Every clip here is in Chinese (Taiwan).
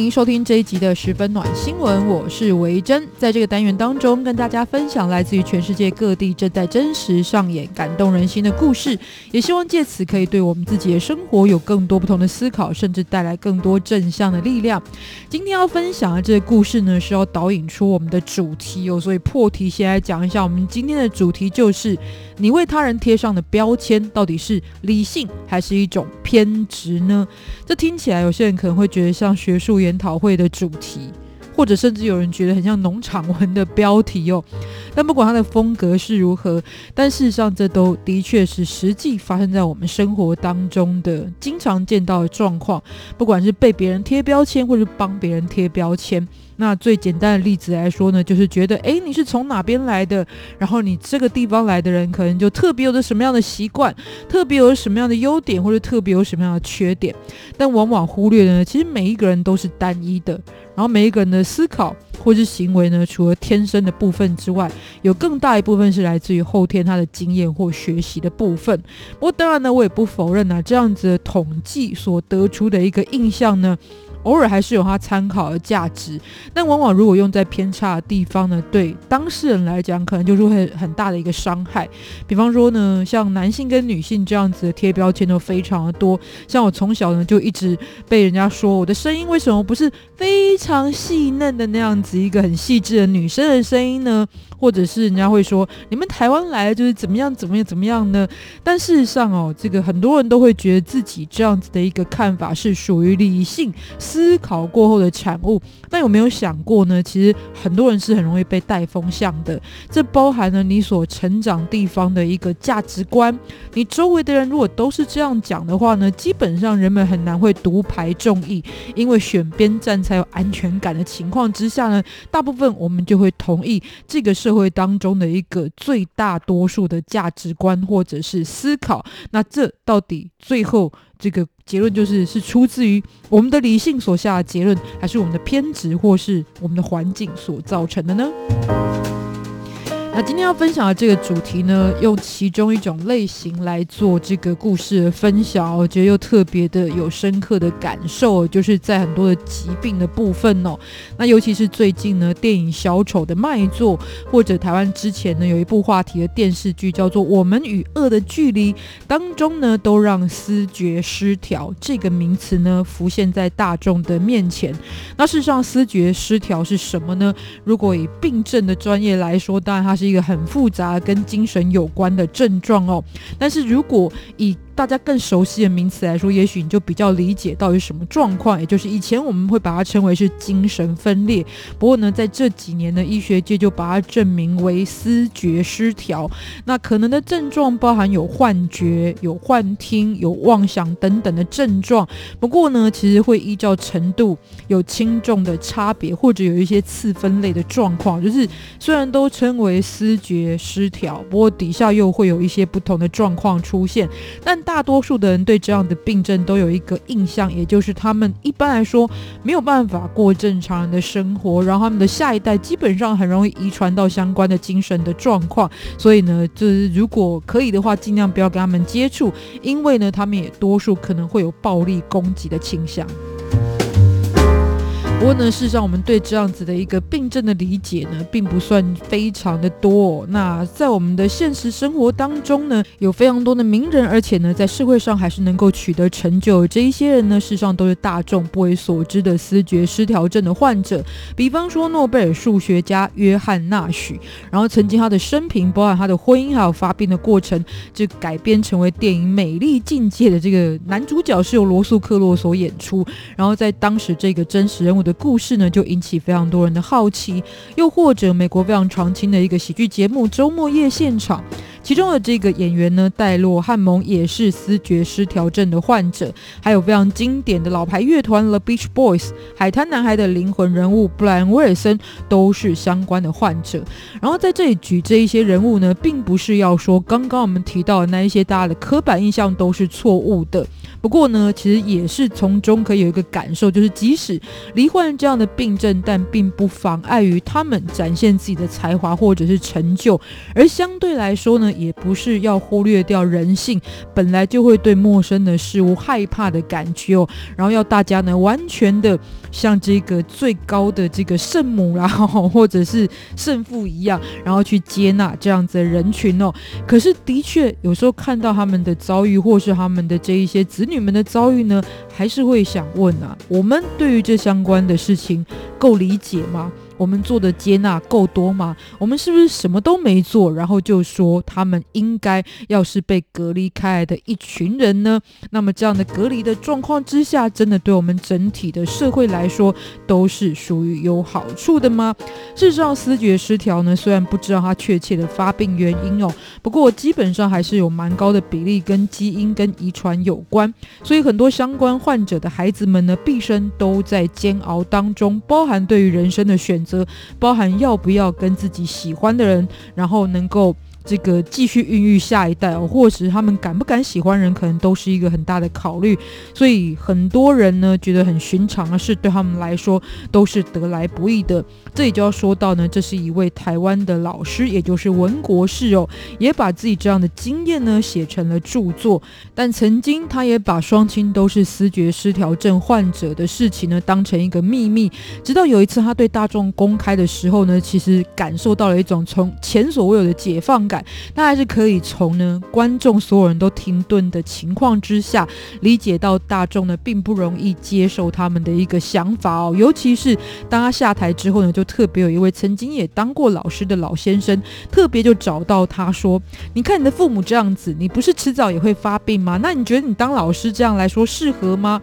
歡迎收聽這一集的《十分暖新聞》，我是維珍。在這個單元當中，跟大家分享來自於全世界各地正在真實上演感動人心的故事，也希望借此可以對我們自己的生活有更多不同的思考，甚至帶來更多正向的力量。今天要分享的這個故事呢，是要導引出我們的主題哦。所以破題先來講一下，我們今天的主題就是：你為他人貼上的標籤，到底是理性還是一種偏執呢？這聽起來有些人可能會覺得像學術也研討會的主題，或者甚至有人覺得很像農場文的標題哦。但不管它的風格是如何，但事實上這都的確是實際發生在我們生活當中的經常見到的狀況。不管是被別人貼標籤，或是幫別人貼標籤。那最簡單的例子來說呢，就是覺得，誒，你是從哪邊來的？然後你這個地方來的人，可能就特別有着什麼樣的習慣，特別有什麼樣的優點，或者特別有什麼樣的缺點。但往往忽略呢，其實每一個人都是單一的，然後每一個人的思考或是行為呢，除了天生的部分之外，有更大一部分是來自於後天他的經驗或學習的部分。不過當然呢，我也不否認啊，這樣子的統計所得出的一個印象呢。偶爾還是有它參考的價值，但往往如果用在偏差的地方呢，對當事人來講，可能就是會很，很大的一個傷害。比方說呢，像男性跟女性這樣子的貼標籤都非常的多，像我從小呢就一直被人家說我的聲音為什麼不是非常細嫩的那樣子一個很細緻的女生的聲音呢？或者是人家會說你們台灣來就是怎麼樣怎麼樣怎麼樣呢？但事實上哦，這個很多人都會覺得自己這樣子的一個看法是屬於理性思考過後的產物。但有沒有想過呢？其實很多人是很容易被帶風向的。這包含了你所成長地方的一個價值觀。你周圍的人如果都是這樣講的話呢，基本上人們很難會獨排眾議，因為選邊站才有安全感的情況之下呢，大部分我們就會同意這個是。社會當中的一個最大多數的價值觀，或者是思考，那這到底最後這個結論，就是是出自於我們的理性所下的結論，還是我們的偏執，或是我們的環境所造成的呢？那今天要分享的這個主題呢，用其中一種類型來做這個故事的分享，我覺得又特別的有深刻的感受，就是在很多的疾病的部分哦。那尤其是最近呢，電影《小丑》的賣座，或者台灣之前呢有一部話題的電視劇叫做《我們與惡的距離》當中呢，都讓“思覺失調”這個名詞呢浮現在大眾的面前。那事實上，“思覺失調”是什麼呢？如果以病症的專業來說，當然它。是一個很複雜跟精神有關的症狀哦，但是如果以大家更熟悉的名詞來說，也許你就比較理解到底是什麼狀況。也就是以前我們會把它稱為是精神分裂，不過呢，在這幾年呢，醫學界就把它正名為思覺失調。那可能的症狀包含有幻覺、有幻聽、有妄想等等的症狀。不過呢，其實會依照程度有輕重的差別，或者有一些次分類的狀況。就是雖然都稱為思覺失調，不過底下又會有一些不同的狀況出現，但。大多數的人對這樣的病症，都有一個印象，也就是他們一般來說沒有辦法過正常人的生活，然後他們的下一代基本上很容易遺傳到相關的精神的狀況。所以呢，就是如果可以的話，盡量不要跟他們接觸，因為呢，他們也多數可能會有暴力攻擊的傾向。不過呢，事實上我們對這樣子的一個病症的理解呢，並不算非常的多哦。那在我們的現實生活當中呢，有非常多的名人，而且呢，在社會上還是能夠取得成就。這一些人呢，事實上都是大眾不為所知的思覺失調症的患者。比方說，諾貝爾數學家約翰納許，然後曾經他的生平，包含他的婚姻，還有發病的過程，就改編成為電影《美麗境界》的這個男主角，是由羅素克洛所演出。然後在當時這個真實人物的故事呢，就引起非常多人的好奇，又或者美國非常常青的一個喜劇節目《周末夜現場》，其中的這個演員呢，戴洛漢蒙也是思覺失調症的患者，還有非常經典的老牌樂團 The Beach Boys，海灘男孩的靈魂人物布萊恩威爾森都是相關的患者。然後在這裡舉這一些人物呢，並不是要說剛剛我們提到的那一些大家的刻板印象都是錯誤的。不過呢，其實也是從中可以有一個感受，就是即使罹患這樣的病症，但並不妨礙於他們展現自己的才華或者是成就。而相對來說呢，也不是要忽略掉人性本來就會對陌生的事物害怕的感覺哦。然後要大家呢，完全的像這個最高的這個聖母啦，或者是聖父一樣，然後去接納這樣子的人群哦。可是的確，有時候看到他們的遭遇，或是他們的這一些子女。你們的遭遇呢，還是會想問啊，我們對於這相關的事情夠理解嗎？我們做的接納夠多嗎？我們是不是什麼都沒做，然後就說他們應該要是被隔離開來的一群人呢？那麼這樣的隔離的狀況之下，真的對我們整體的社會來說都是屬於有好處的嗎？事實上，思覺失調呢，雖然不知道它確切的發病原因哦，不過基本上還是有蠻高的比例跟基因跟遺傳有關，所以很多相關患者的孩子們呢，畢生都在煎熬當中，包含對於人生的選擇。則包含要不要跟自己喜歡的人，然後能夠。這個繼續孕育下一代哦，或是他們敢不敢喜歡人，可能都是一個很大的考慮。所以很多人呢，覺得很尋常的事，對他們來說都是得來不易的。這裡就要說到呢，這是一位台灣的老師，也就是文國士哦，也把自己這樣的經驗呢寫成了著作。但曾經他也把雙親都是思覺失調症患者的事情呢當成一個秘密，直到有一次他對大眾公開的時候呢，其實感受到了一種從前所未有的解放。那還是可以從呢觀眾所有人都停頓的情況之下，理解到大眾呢並不容易接受他們的一個想法哦，尤其是當他下台之後呢，就特別有一位曾經也當過老師的老先生，特別就找到他說：“你看你的父母這樣子，你不是遲早也會發病嗎？那你覺得你當老師這樣來說適合嗎？”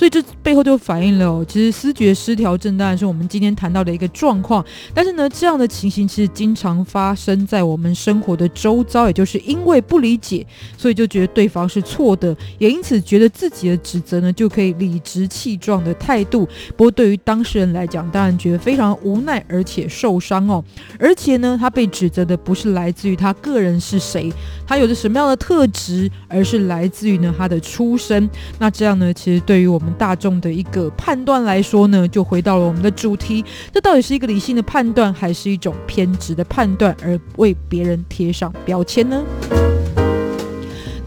所以這背後就反映了哦,其實思覺失調症當然是我們今天談到的一個狀況。但是呢，這樣的情形其實經常發生在我們生活的周遭，也就是因為不理解，所以就覺得對方是錯的，也因此覺得自己的指責呢就可以理直氣壯的態度。不過對於當事人來講，當然覺得非常無奈，而且受傷哦。而且呢，他被指責的不是來自於他個人是誰，他有着什麼樣的特質，而是來自於呢他的出身。那這樣呢，其實對於我們。大眾的一個判斷來說呢，就回到了我們的主題，這到底是一個理性的判斷，還是一種偏執的判斷，而為別人貼上標籤呢？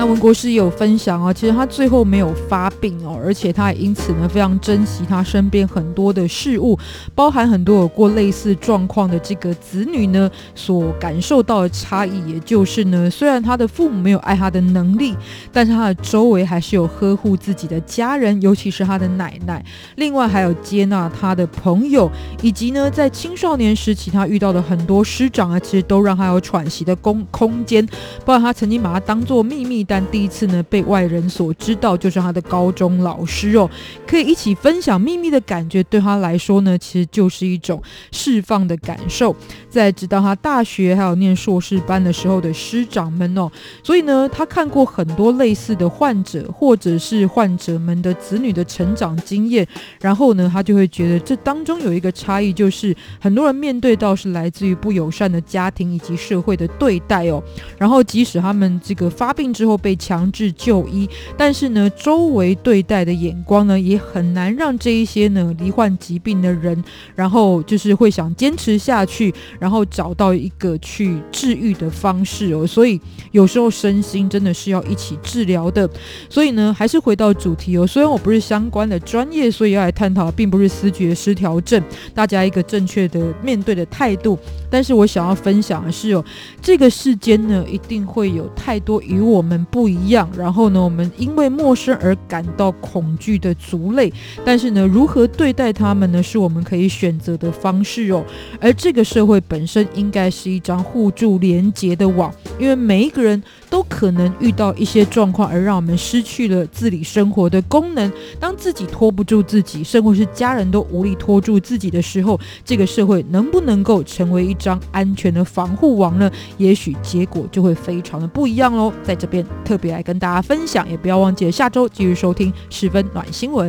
那文國士也有分享啊、哦，其實他最後沒有發病哦，而且他也因此呢非常珍惜他身邊很多的事物，包含很多有過類似狀況的這個子女呢所感受到的差異，也就是呢雖然他的父母沒有愛他的能力，但是他的周圍還是有呵護自己的家人，尤其是他的奶奶，另外還有接納他的朋友，以及呢在青少年時期他遇到的很多師長啊，其實都讓他有喘息的空空間，包括他曾經把他當做秘密。但第一次呢，被外人所知道就是他的高中老師哦，可以一起分享秘密的感覺對他來說呢，其實就是一種釋放的感受。在直到他大學還有念碩士班的時候的師長們哦，所以呢，他看過很多類似的患者或者是患者們的子女的成長經驗，然後呢，他就會覺得這當中有一個差異，就是很多人面對到是來自於不友善的家庭以及社會的對待哦，然後即使他們這個發病之後。被強制就醫，但是呢，周圍對待的眼光呢，也很難讓這一些呢罹患疾病的人，然後就是會想堅持下去，然後找到一個去治癒的方式喔。所以有時候身心真的是要一起治療的。所以呢，還是回到主題喔。雖然我不是相關的專業，所以要來探討，並不是思覺失調症，大家一個正確的面對的態度。但是我想要分享的是喔，這個世間呢，一定會有太多與我們。不一樣，然後呢，我們因為陌生而感到恐懼的族類，但是呢，如何對待他們呢，是我們可以選擇的方式哦。而這個社會本身應該是一張互助連結的網，因為每一個人都可能遇到一些狀況，而讓我們失去了自理生活的功能。當自己拖不住自己，甚至是家人都無力拖住自己的時候，這個社會能不能夠成為一張安全的防護網呢？也許結果就會非常的不一樣哦。在這邊。特別來跟大家分享，也不要忘記下周繼續收聽《十分暖新聞》。